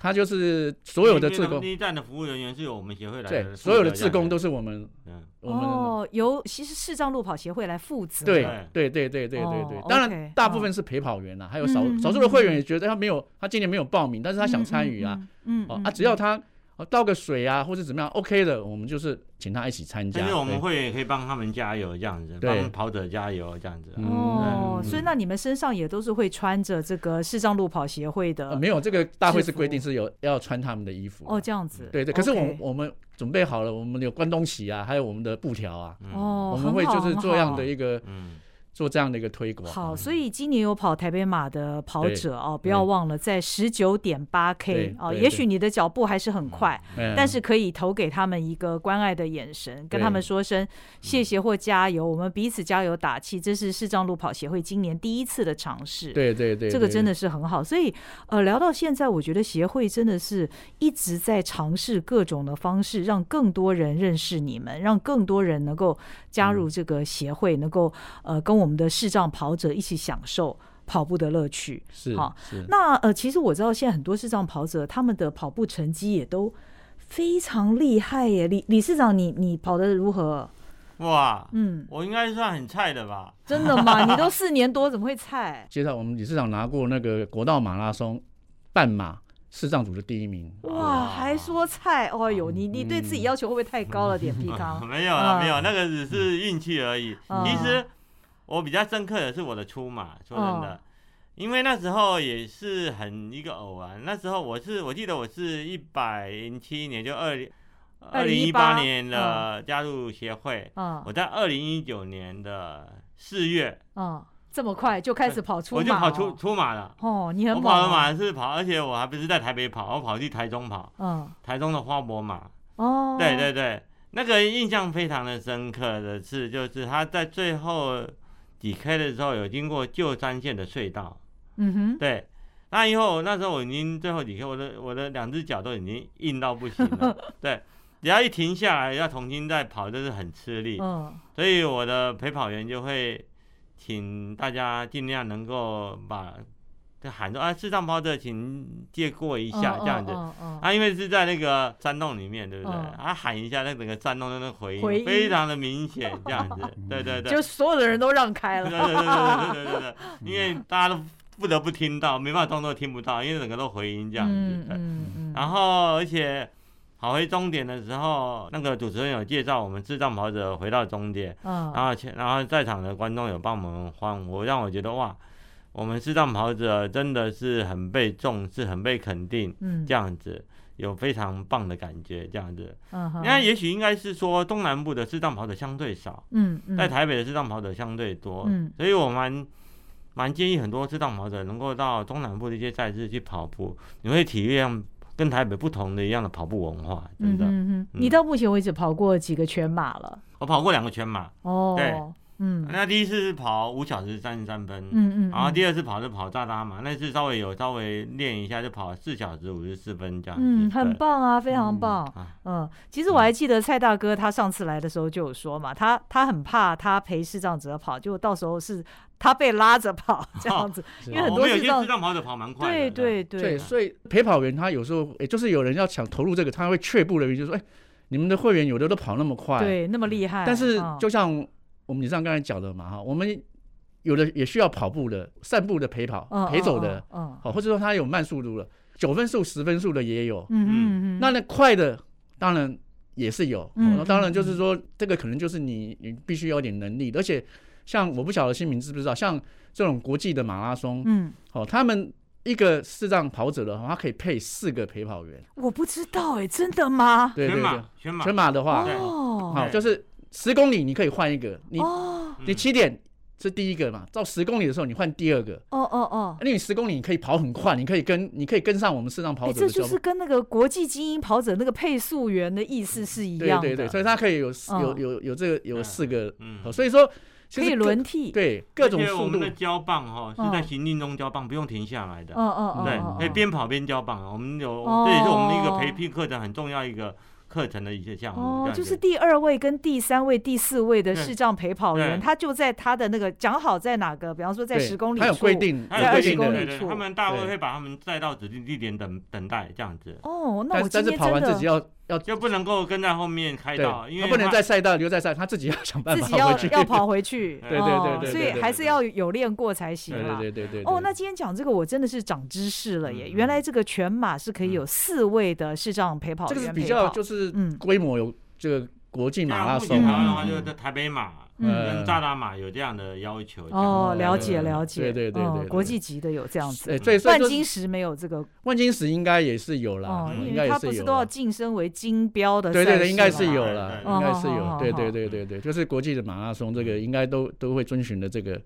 他就是所有的志工，第一站的服務人員，員是由我們協會來對所有的志工都是我們，嗯、我們哦，由其實視障路跑協會來負責。對，對，對，對，對，對對，對，對，對，哦、當然大部分是陪跑員啦，哦、還有少、哦、okay, 少數的會員也覺得他沒有，嗯、他今年沒有報名，嗯、但是他想參與啊嗯，嗯，嗯啊，只要他。倒個水啊，或者怎麼樣？OK 的，我們就是請他一起參加，因為我們會可以幫他們加油這樣子，幫對跑者加油這樣子。哦，所以那你們身上也都是會穿着這個視障路跑協會的、嗯？沒有，這個大會是規定是有要穿他們的衣服、啊、哦，這樣子。對，對對，可是我我們準備好了，okay 我們有關東喜啊，還有我們的布條啊，哦、嗯，嗯、我們會就是這樣的一個嗯。做這樣的一個推廣，好，所以今年有跑台北馬的跑者對哦，不要忘了在十九點八 K 對哦，也許你的腳步還是很快，啊、但是可以投給他們一個關愛的眼神，啊、跟他們說聲對謝謝或加油，嗯、我們彼此加油打氣，這是視障路跑協會今年第一次的嘗試。對對對，對對對，這個真的是很好，所以呃，聊到現在，我覺得協會真的是一直在嘗試各種的方式，讓更多人認識你們，讓更多人能夠。加入這個協會，能夠呃跟我們的視障跑者一起享受跑步的樂趣，是。好，那呃，其實我知道現在很多視障跑者，他們的跑步成績也都非常厲害耶。李理事長，你你跑的如何？哇，嗯，我應該算很菜的吧？真的嗎？你都四年多，怎麼會菜？ 介紹我們理事長拿過那個國道馬拉松半馬。視障組的第一名，哇，還說菜，哦呦，你你對自己要求會不會太高了點，丕康、嗯團？ 沒有了，沒有，哦、那個只是運氣而已。嗯嗯、其實我比較深刻的是我的初馬，說真的，哦、因為那時候也是很一個偶然、啊。那時候我是，我記得我是一百零七年，就二零二零一八年的加入協會，嗯嗯、我在二零一九年的四月。哦這麼快就開始跑初馬、哦，我就跑出初馬了。哦，你很猛、哦、我跑的馬是跑，而且我還不是在台北跑，我跑去台中跑。嗯，台中的花博馬。哦，對對對，那個印象非常的深刻的是，就是他在最後幾 K 的時候有經過舊山線的隧道。嗯哼，對。那以後那時候我已經最後幾 K，我的我的兩隻腳都已經硬到不行了。呵呵對，只要一停下來要重新再跑，就是很吃力。嗯，所以我的陪跑員就會。請大家盡量能夠把，就喊出啊，是上坡的，請借過一下，這樣子啊，因為是在那個山洞裡面，對不對？啊，喊一下，那個整個山洞的那個回音，非常的明顯，這樣子，對對對，就所有的人都讓開了，對對對對對,對，對,對,對,對,對,對,對,對因為大家都不得不聽到，沒辦法裝作聽不到，因為整個都回音這樣子，嗯嗯嗯，然後而且。跑回終點的時候，那個主持人有介紹我們視障跑者回到終點，嗯，oh. 然後，然後在場的觀眾有幫我們歡呼，讓我覺得哇，我們視障跑者真的是很被重視，很被肯定，嗯，這樣子、嗯、有非常棒的感覺，這樣子。嗯那、uh huh. 也許應該是說，東南部的視障跑者相對少，嗯，嗯在台北的視障跑者相對多，嗯，所以我，我蠻蠻建議很多視障跑者能夠到東南部的一些賽事去跑步，你會體驗。跟台北不同的一樣的跑步文化，真的。你到目前為止跑過幾個全馬了？我跑過兩個全馬哦。對。嗯，那第一次是跑五小時三十三分，嗯嗯，然後第二次跑是跑渣渣嘛，那次稍微有稍微練一下就跑四小時五十四分這樣。嗯，很棒啊，非常棒。嗯，其實我還記得蔡大哥他上次來的時候就有說嘛，他他很怕他陪視障者跑，就到時候是他被拉着跑這樣子，因為很多視障跑者跑蠻快的。對對對。所以陪跑員他有時候也就是有人要想投入這個，他會卻步了，就說：“哎，你們的會員有的都跑那麼快，對，那麼厲害。”但是就像。我們以上剛才講的嘛哈，我們有的也需要跑步的、散步的陪跑、陪走的，哦，oh, oh, oh, oh. 或者說它有慢速度了，九分速、十分速的也有，嗯嗯哼嗯，那那快的當然也是有，那、嗯、哼當然就是說這個可能就是你你必須有點能力，嗯、哼而且像我不曉得心屏知不知道，像這種國際的馬拉松，嗯，好，他們一個視障跑者的話，他可以配四個陪跑員，我不知道哎、欸，真的嗎？對對,對,對馬馬全馬的話，哦，oh. 好，就是。十公里你可以換一個，你你起點，是第一個嘛，到十公里的時候你換第二個。哦哦哦，那你十公里你可以跑很快，你可以跟你可以跟上我們視障跑者。這就是跟那個國際精英跑者那個配速員的意思是一樣。對對對，所以它可以有有有有這個有四個。嗯，所以說可以輪替。對，各種速度，而且我們的交棒哦是在行進中交棒，不用停下來的。哦哦對，可以邊跑邊交棒。我們有這也是我們一個培訓課程很重要一個。課程的一些項目哦，就是第二位跟第三位、第四位的視障陪跑員，他就在他的那個講好在哪個，比方說在十公里處，他有規定，他有二十公里處，有規定的，對，對，對，對，他們大會會把他們帶到指定地點等等待這樣子。哦，那我今天真的。但是跑完自己要要，就不能夠跟在後面開道，對 因為他，他不能在賽道留在賽道，他自己要想辦法，自己要要跑回去。 對對對對，對，哦、所以還是要有練過才行，對對對對，對。哦，那今天講這個，我真的是長知識了耶！嗯嗯、原來這個全馬是可以有四位的，視障陪跑，這個比較就是嗯規模有這個國際馬拉松。那目前的話，就是在台北馬。嗯，扎達馬有這樣的要求哦，了解了解，對對對對，國際級的有這樣子，最萬金石沒有這個萬金石應該也是有啦，應該也是有，他不是都要晉升為金標的？對對對，應該是有了，應該是有，對對對對對，就是國際的馬拉松這個應該都都會遵循的這個這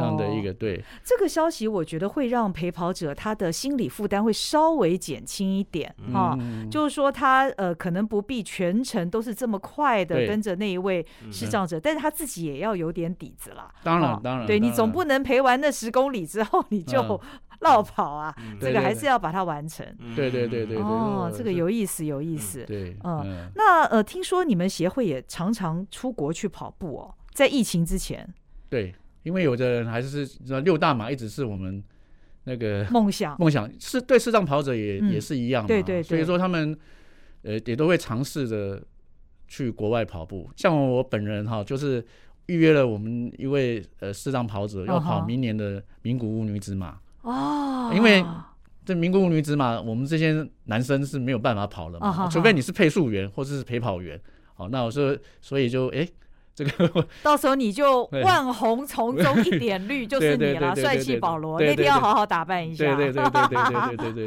樣的一個對。這個消息我覺得會讓陪跑者他的心理負擔會稍微減輕一點啊，就是說他呃可能不必全程都是這麼快的跟着那一位視障者，但是他自己。也要有點底子啦，當然當然，對，你總不能陪完那十公里之後你就落跑啊，這個還是要把它完成。對對對對，哦，這個有意思有意思。對，嗯，那呃，聽說你們協會也常常出國去跑步哦，在疫情之前。對，因為有的人還是說六大馬一直是我們那個夢想夢想，是對視障跑者也也是一樣，對對，所以說他們呃也都會嘗試着。去國外跑步，像我本人哈，就是預約了我們一位呃視障跑者，要跑明年的名古屋女子馬、哦、哈因為這名古屋女子馬，我們這些男生是沒有辦法跑的嘛，哦、哈哈除非你是配速員或者是陪跑員，好、哦，那我說所以就哎。欸到時候你就萬紅叢中一點綠就是你了，帥氣保羅，那天要好好打扮一下。對對對對對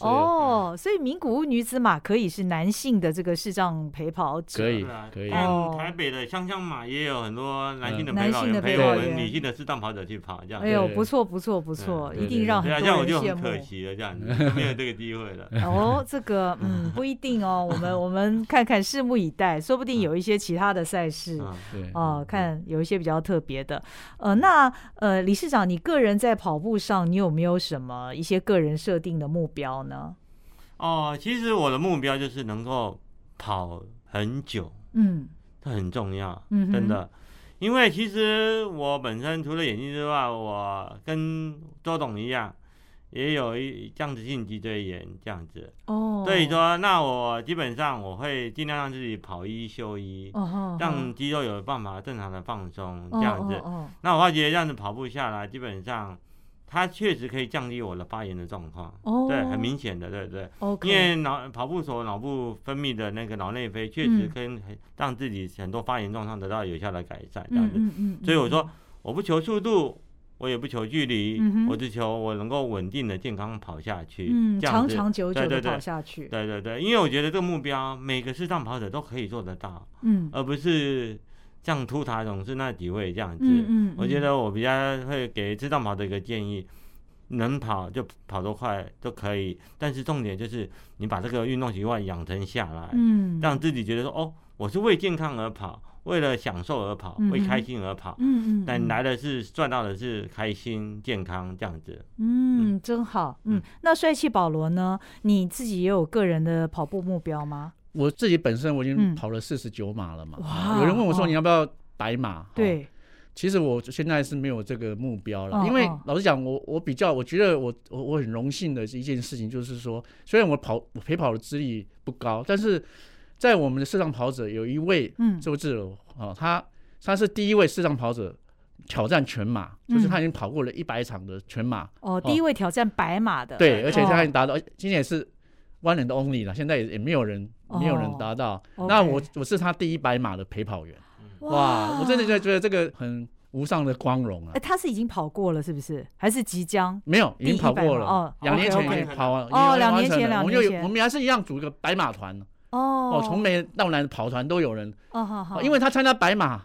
哦，所以名古屋女子馬可以是男性的這個視障陪跑者，可以可以。台北的香香馬也有很多男性的陪跑員陪我們女性的視障跑者去跑。哎呦，不錯不錯不錯，一定讓很多人羨慕。就沒有這個機會了。哦，這個嗯不一定哦，我們我們看看，拭目以待，說不定有一些其他的賽事。對哦，看有一些比較特別的，呃，那呃，理事長，你個人在跑步上，你有沒有什麼一些個人設定的目標呢？哦、呃，其實我的目標就是能夠跑很久，嗯，這很重要，嗯哼，真的，因為其實我本身除了眼睛之外，我跟周董一樣。也有一僵直性脊椎炎這樣子，oh, 所以說那我基本上我會儘量讓自己跑一休一，oh, 讓肌肉有辦法正常的放鬆、oh, 這樣子。Oh, oh, oh. 那我發覺這樣子跑步下來，基本上它確實可以降低我的發炎的狀況，oh, 對，很明顯的，對對,對。Okay. 因為腦跑步時候腦部分泌的那個腦內啡，確實可以讓自己很多發炎狀況得到有效的改善，oh, oh, oh, oh. 這樣子。所以我說我不求速度。我也不求距離，嗯、哼我只求我能夠穩定的健康跑下去，嗯，這樣子長長久久的跑下去對對對，對對對，因為我覺得這個目標每個視障跑者都可以做得到，嗯，而不是像禿塔總是那幾位這樣子，嗯，嗯，嗯，我覺得我比較會給視障跑的一個建議，嗯嗯，能跑就跑，多快都可以，但是重點就是你把這個運動習慣養成下來，嗯，讓自己覺得說哦，我是為健康而跑。為了享受而跑，為開心而跑。嗯嗯，但來的是賺到的是開心、健康這樣子。嗯，嗯真好。嗯，嗯那帥氣保羅呢？你自己也有個人的跑步目標嗎？我自己本身我已經跑了四十九馬了嘛。嗯、有人問我說，你要不要打一百馬？對、哦，哦、其實我現在是沒有這個目標了，哦、因為老實講，我我比較我覺得我我我很榮幸的一件事情就是說，雖然我跑我陪跑的資歷不高，但是。在我們的視障跑者有一位周志，哦，他他是第一位視障跑者挑戰全馬，就是他已經跑過了一百場的全馬哦，第一位挑戰百馬的對，而且他已經達到今年也是 one and only 了，現在也也沒有人沒有人達到。那我我是他第一百馬的陪跑員哇，我真的覺得覺得這個很無上的光榮啊！他是已經跑過了是不是？還是即將沒有？已經跑過了？哦，兩年前跑完哦，兩年前兩年前，我們還是一樣組一個百馬團。哦，從北到南跑團都有人。哦，因為他參加百馬，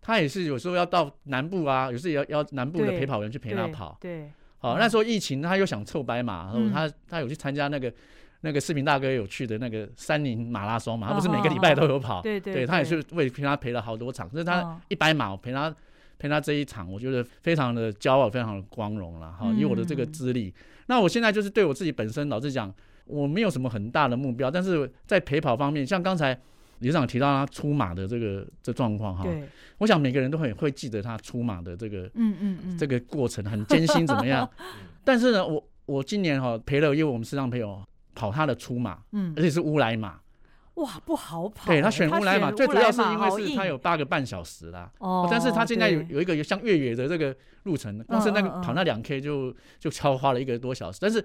他也是有時候要到南部啊，有時也要要南部的陪跑員去陪他跑。對，好，那時候疫情，他又想湊百馬，他他有去參加那個那個視頻大哥有去的那個三零馬拉松嘛？他不是每個禮拜都有跑？對，對他也是為陪他陪了好多場。可是他一百馬，我陪他陪他這一場，我覺得非常的驕傲，非常的光榮了。哈，以我的這個資歷，那我現在就是對我自己本身老實講，我沒有什麼很大的目標，但是在陪跑方面，像剛才理事長提到他初馬的這個這狀況哈，我想每個人都很會記得他初馬的這個嗯嗯這個過程很艱辛怎麼樣？但是呢，我我今年哈陪了，因為我們視障朋友跑他的初馬，而且是烏來馬，哇，不好跑，對他選烏來馬最主要是因為是他有八個半小時啦，哦，但是他現在有有一個像越野的這個路程，光是那個跑那兩 k 就就超花了一個多小時，但是。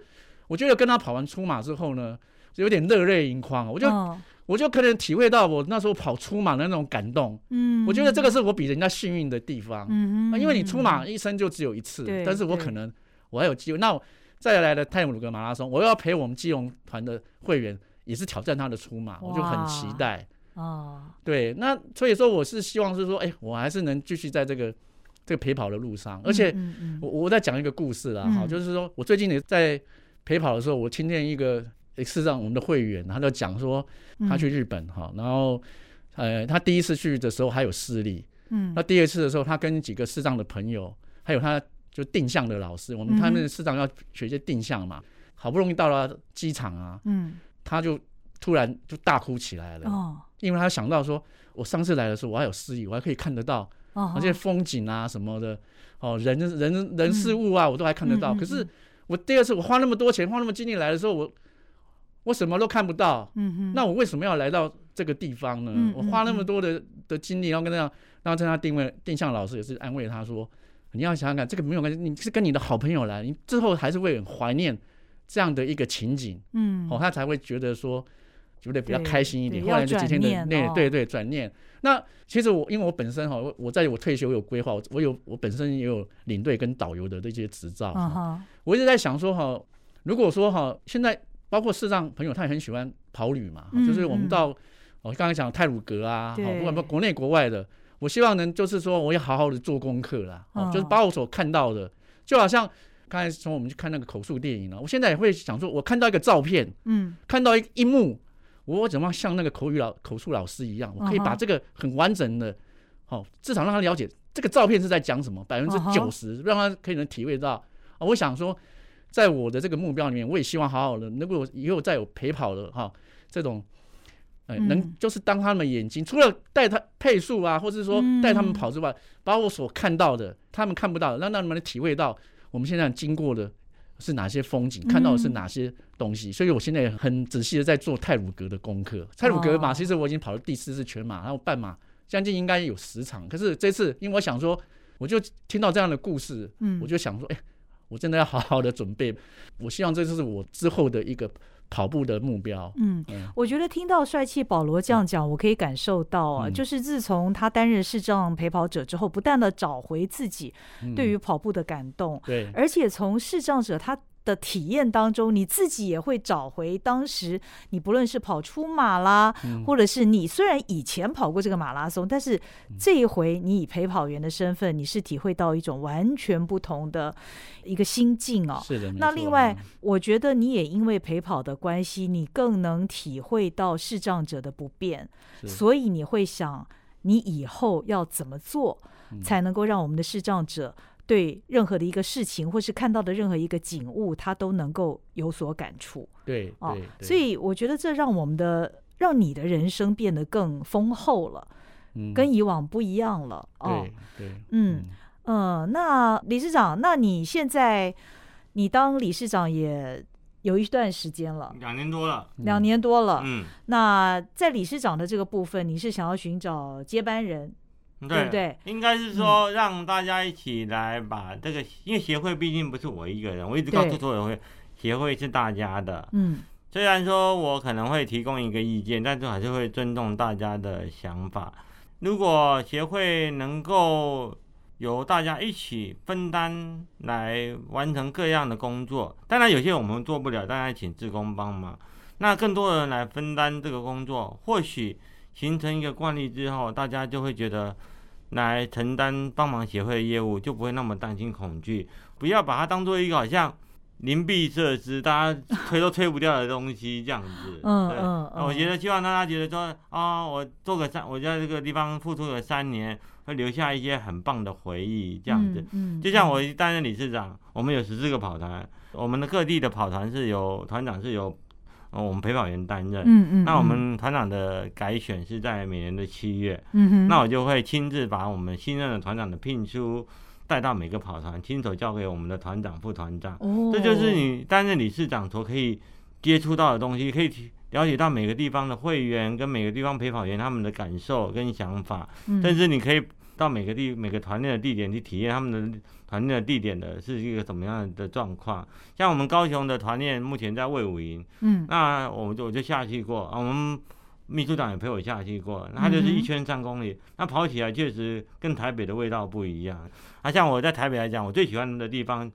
我覺得跟他跑完出馬之後呢，有點熱淚盈眶。我就、oh. 我就可能體會到我那時候跑出馬的那種感動。Mm hmm. 我覺得這個是我比人家幸運的地方、mm hmm. 啊。因為你出馬一生就只有一次，mm hmm. 但是我可能我還有機會。那再來的泰姆魯格馬拉松，我要陪我們基隆團的會員也是挑戰他的出馬，Wow. 我就很期待。Oh. 對。那所以說我是希望是說，哎、欸，我還是能繼續在這個這個陪跑的路上。而且我、mm hmm. 我，我我在講一個故事啦，好、mm，hmm. 就是說我最近也在。陪跑的時候，我聽見一個、X、視障，我們的會員，他就講說，他去日本哈，然後，呃，他第一次去的時候還有視力，嗯，那第二次的時候，他跟幾個視障的朋友，還有他就定向的老師，我們他們的視障要學一些定向嘛，好不容易到了機場啊，嗯，他就突然就大哭起來了，哦，因為他想到說，我上次來的時候我還有視力，我還可以看得到，哦，那些風景啊什麼的，哦，人人人事物啊我都還看得到，可是。我第二次我花那麼多錢，花那麼精力來的時候，我我什麼都看不到，嗯哼，那我為什麼要來到這個地方呢？嗯哼，我花那麼多的的精力，然後跟他，講，然後在他定位定向老師也是安慰他說，你要想想看，這個沒有關係，你是跟你的好朋友來，你最後還是會很懷念這樣的一個情景，嗯，哦，他才會覺得說。覺得比較開心一點，後來這幾天的那對、哦、對對轉念。那其實我因為我本身哈，我我在我退休我有規劃，我有我本身也有領隊跟導遊的這些執照。啊、哈我一直在想說哈，如果說哈，現在包括視障朋友他也很喜歡跑旅嘛，嗯、就是我們到、嗯、我剛才講太魯閣啊，對不管國內國外的，我希望能就是說我要好好的做功課啦，啊、就是把我所看到的，就好像剛才從我們去看那個口述電影了，我現在也會想說，我看到一個照片，嗯，看到一一幕。我怎麼像那個口語老口述老師一樣？我可以把這個很完整的，好、uh huh. 哦，至少讓他了解這個照片是在講什麼，百分之九十讓他可以能體會到、哦。我想說，在我的這個目標裡面，我也希望好好的，如果以後再有陪跑的哈、哦，這種，哎、呃，uh huh. 能就是當他們眼睛除了帶他配速啊，或者是說帶他們跑之外，把、uh huh. 我所看到的他們看不到的，讓他們能體會到我們現在經過的。是哪些風景？看到的是哪些東西？嗯、所以我現在很仔細的在做太魯閣的功課。太魯閣馬其實我已經跑了第四次全馬，哇然後半馬將近應該有十場。可是這次，因為我想說，我就聽到這樣的故事，嗯、我就想說，哎、欸，我真的要好好的準備。我希望這次是我之後的一個。跑步的目標。嗯，嗯，我覺得聽到帥氣保羅這樣講，嗯、我可以感受到啊，嗯、就是自從他擔任視障陪跑者之後，不斷的找回自己對於跑步的感動。對、嗯，而且從視障者他。的體驗當中，你自己也會找回當時你不論是跑出馬拉，嗯、或者是你雖然以前跑過這個馬拉松，嗯、但是這一回你以陪跑員的身份，你是體會到一種完全不同的一個心境哦。是的，那另外，沒錯，我覺得你也因為陪跑的關係，嗯、你更能體會到視障者的不便，是的，所以你會想，你以後要怎麼做，嗯、才能夠讓我們的視障者。對任何的一個事情，或是看到的任何一個景物，他都能夠有所感觸。對，啊、哦，所以我覺得這讓我們的讓你的人生變得更豐厚了，嗯，跟以往不一樣了。哦、對，對，嗯嗯，嗯，那理事長，那你現在你當理事長也有一段時間了，兩年多了，嗯、兩年多了。嗯，那在理事長的這個部分，你是想要尋找接班人？對不對？對對，應該是說讓大家一起來把這個，嗯、因為協會畢竟不是我一個人，我一直告訴組委會，協會是大家的。嗯，雖然說我可能會提供一個意見，但是還是會尊重大家的想法。如果協會能夠由大家一起分擔來完成各樣的工作，當然有些我們做不了，當然請志工幫忙。那更多的人來分擔這個工作，或許。形成一個慣例之後，大家就會覺得來承擔幫忙協會的業務，就不會那麼擔心恐懼，不要把它當作一個好像鄰避設施、大家推都推不掉的東西這樣子。嗯，我覺得希望大家覺得說，啊、哦，我做個三，我在這個地方付出了三年，會留下一些很棒的回憶這樣子。嗯嗯、就像我擔任理事長，我們有十四個跑團，我們的各地的跑團是有團長是有。哦，我們陪跑員擔任，嗯嗯、那我們團長的改選是在每年的七月，嗯嗯、那我就會親自把我們新任的團長的聘書帶到每個跑團，親手交給我們的團長、副團長。這就是你擔任理事長所可以接觸到的東西，可以了解到每個地方的會員跟每個地方陪跑員他們的感受跟想法，但是、嗯、你可以。到每個地每個團練的地點去體驗他們的團練的地點的是一個怎麼樣的狀況？像我們高雄的團練目前在衛武營，嗯，那我就我就下去過啊。我們秘書長也陪我下去過，他就是一圈三公里，他跑起來確實跟台北的味道不一樣。啊，像我在台北來講，我最喜歡的地方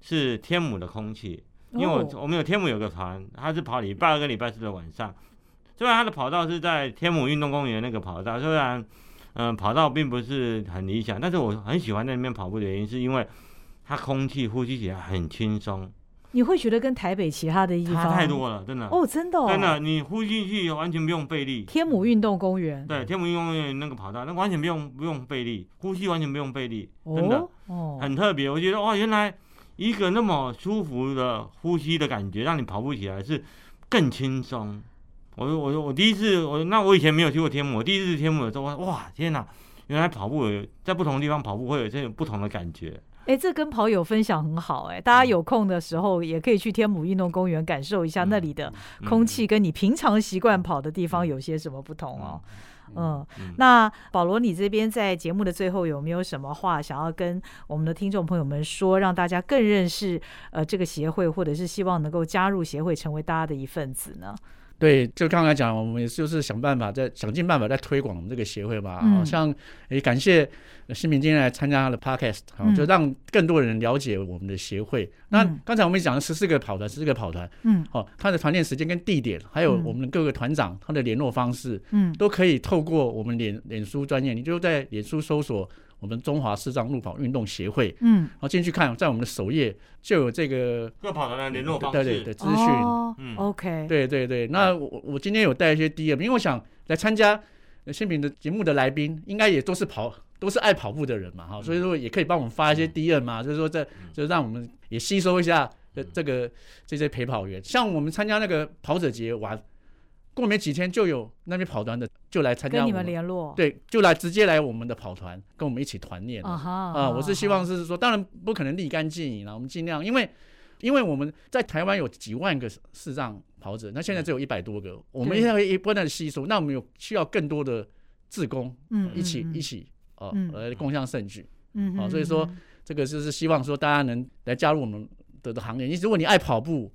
是天母的空氣，因為我我們有天母有個團，他是跑禮拜二跟禮拜四的晚上，雖然他的跑道是在天母運動公園那個跑道，雖然。嗯，跑道並不是很理想，但是我很喜歡在裡面跑步的原因，是因為它空氣呼吸起來很輕鬆。你會覺得跟台北其他的地方差太多了，真的？哦，真的。哦，真的，你呼進去完全不用費力。天母運動公園，對，天母運動公園那個跑道，那個、完全不用不用費力，呼吸完全不用費力，哦、真的，很特別。我覺得哇，原來一個那麼舒服的呼吸的感覺，讓你跑步起來是更輕鬆。我說，我說，我第一次，我那我以前沒有去過天母，我第一次天母的時候，哇，天哪、啊，原來跑步有在不同的地方跑步會有這種不同的感覺。哎、欸，這跟跑友分享很好、欸，哎，大家有空的時候也可以去天母運動公園感受一下那裡的空氣，跟你平常習慣跑的地方有些什麼不同哦。嗯，嗯，嗯，嗯，那保羅，你這邊在節目的最後有沒有什麼話想要跟我們的聽眾朋友們說，讓大家更認識呃這個協會，或者是希望能夠加入協會，成為大家的一份子呢？對，就剛才講，我們也就是想辦法，在想盡辦法在推廣我們這個協會吧。好、嗯哦、像也感謝心屏今天來參加他的 Podcast，、嗯哦、就讓更多人了解我們的協會。嗯、那剛才我們講了十四個跑團，十四個跑團，嗯，好，他的團練時間跟地點，還有我們的各個團長他的聯絡方式，嗯，都可以透過我們臉臉書專頁，你就在臉書搜索。我們中華視障路跑運動協會，嗯，然後進去看，在我們的首頁就有這個各跑團的聯絡方式，嗯，對對對，對，是資訊，哦，嗯，OK，對對對，嗯，那我我今天有帶一些 DM，因為我想來參加心、嗯呃呃，屏的節目的來賓，應該也都是跑，都是愛跑步的人嘛，哈，所以說也可以幫我們發一些 DM 嘛，嗯，就是說，這就讓我們也吸收一下這，嗯，這個這些陪跑員，像我們參加那個跑者節完。過沒幾天就有那邊跑團的就來參加我們，跟你們聯絡，對，就來直接來我們的跑團，跟我們一起團練啊。我是希望是說，當然不可能立竿見影啊，uh huh. 我們盡量，因為因為我們在台灣有幾萬個視障跑者，那現在只有一百多個，uh huh. 我們現在一不斷的吸收，uh huh. 那我們有需要更多的志工，uh huh. 啊、一起一起哦，來、啊 uh huh. 共襄盛舉，嗯、啊，uh huh. 所以說這個就是希望說大家能來加入我們的的行列，你如果你愛跑步。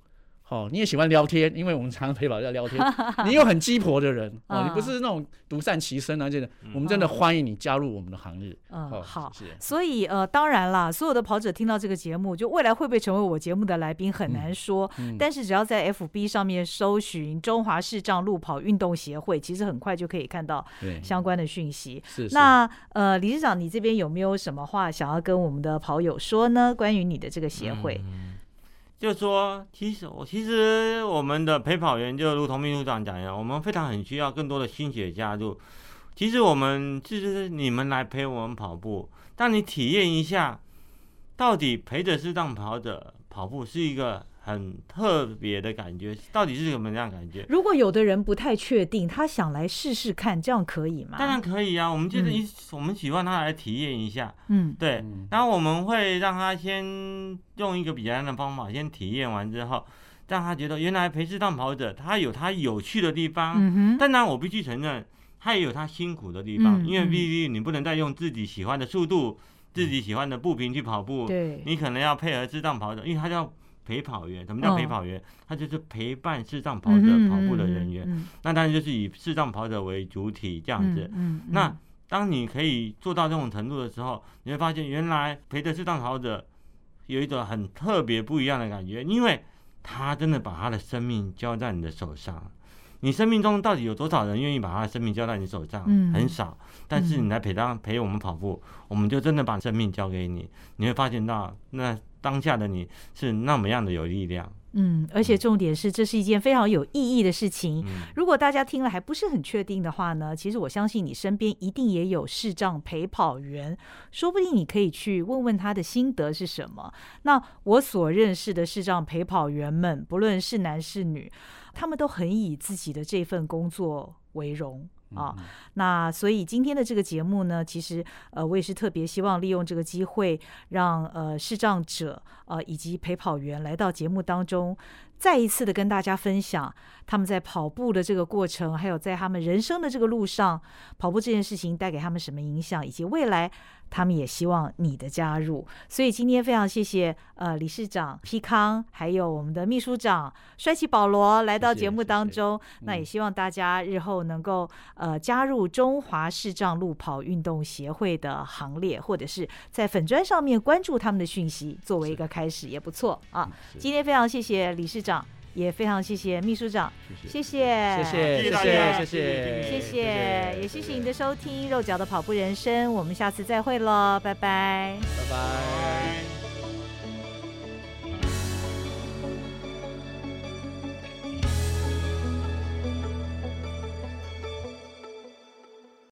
哦，你也喜歡聊天，因為我們常常陪老家聊天。 你又很雞婆的人、哦啊、你不是那種獨善其身啊，這我們真的歡迎你加入我們的行列。嗯，好，謝謝，所以呃，當然了，所有的跑者聽到這個節目，就未來會不會成為我節目的來賓很難說。嗯嗯、但是只要在 FB 上面搜尋中華視障路跑運動協會，其實很快就可以看到相關的訊息。是，是那呃，理事長，你這邊有沒有什麼話想要跟我們的跑友說呢？關於你的這個協會？嗯就說，其實我其實我們的陪跑員就如同秘書長講一樣，我們非常很需要更多的新血加入。其實我們就是你們來陪我們跑步，當你體驗一下，到底陪着視障跑者跑步是一個。很特別的感覺，到底是什麼樣感覺？如果有的人不太確定，他想來試試看，這樣可以嗎？當然可以啊，我們就是一、嗯、我們喜歡他來體驗一下，嗯，對。然後我們會讓他先用一個比較好的方法、嗯、先體驗完之後，讓他覺得原來陪視障跑者他有他有趣的地方，嗯哼。當然我必須承認，他也有他辛苦的地方，嗯、因為畢竟你不能再用自己喜歡的速度、嗯、自己喜歡的步頻去跑步，嗯、對，你可能要配合視障跑者，因為他就要。陪跑員，什麼叫陪跑員？他、oh, 就是陪伴視障跑者跑步的人員。嗯嗯、那當然就是以視障跑者為主體這樣子。嗯嗯、那當你可以做到這種程度的時候，你會發現原來陪着視障跑者有一種很特別不一樣的感覺，因為他真的把他的生命交在你的手上。你生命中到底有多少人願意把他的生命交在你手上？嗯、很少。但是你來陪他陪我們跑步，我們就真的把生命交給你。你會發現到那。當下的你是那麼樣的有力量，嗯，而且重點是，這是一件非常有意義的事情。嗯。如果大家聽了還不是很確定的話呢，其實我相信你身邊一定也有視障陪跑員，說不定你可以去問問他的心得是什麼。那我所認識的視障陪跑員們，不論是男是女，他們都很以自己的這份工作為榮。啊、哦，那所以今天的這個節目呢，其實呃，我也是特別希望利用這個機會讓，讓呃視障者呃以及陪跑員來到節目當中，再一次的跟大家分享他們在跑步的這個過程，還有在他們人生的這個路上，跑步這件事情帶給他們什麼影響，以及未來。他們也希望你的加入，所以今天非常謝謝呃理事長丕康，還有我們的秘書長帥氣保羅來到節目當中。謝謝謝謝嗯、那也希望大家日後能夠呃加入中華視障路跑運動協會的行列，或者是在粉專上面關注他們的訊息，作為一個開始是也不錯啊。嗯、今天非常謝謝理事長。也非常謝謝秘書長，謝謝，謝謝，謝謝謝謝謝謝，謝謝，也謝謝您的收聽《肉腳的跑步人蔘》，我們下次再會嘍，拜拜，拜拜。拜拜。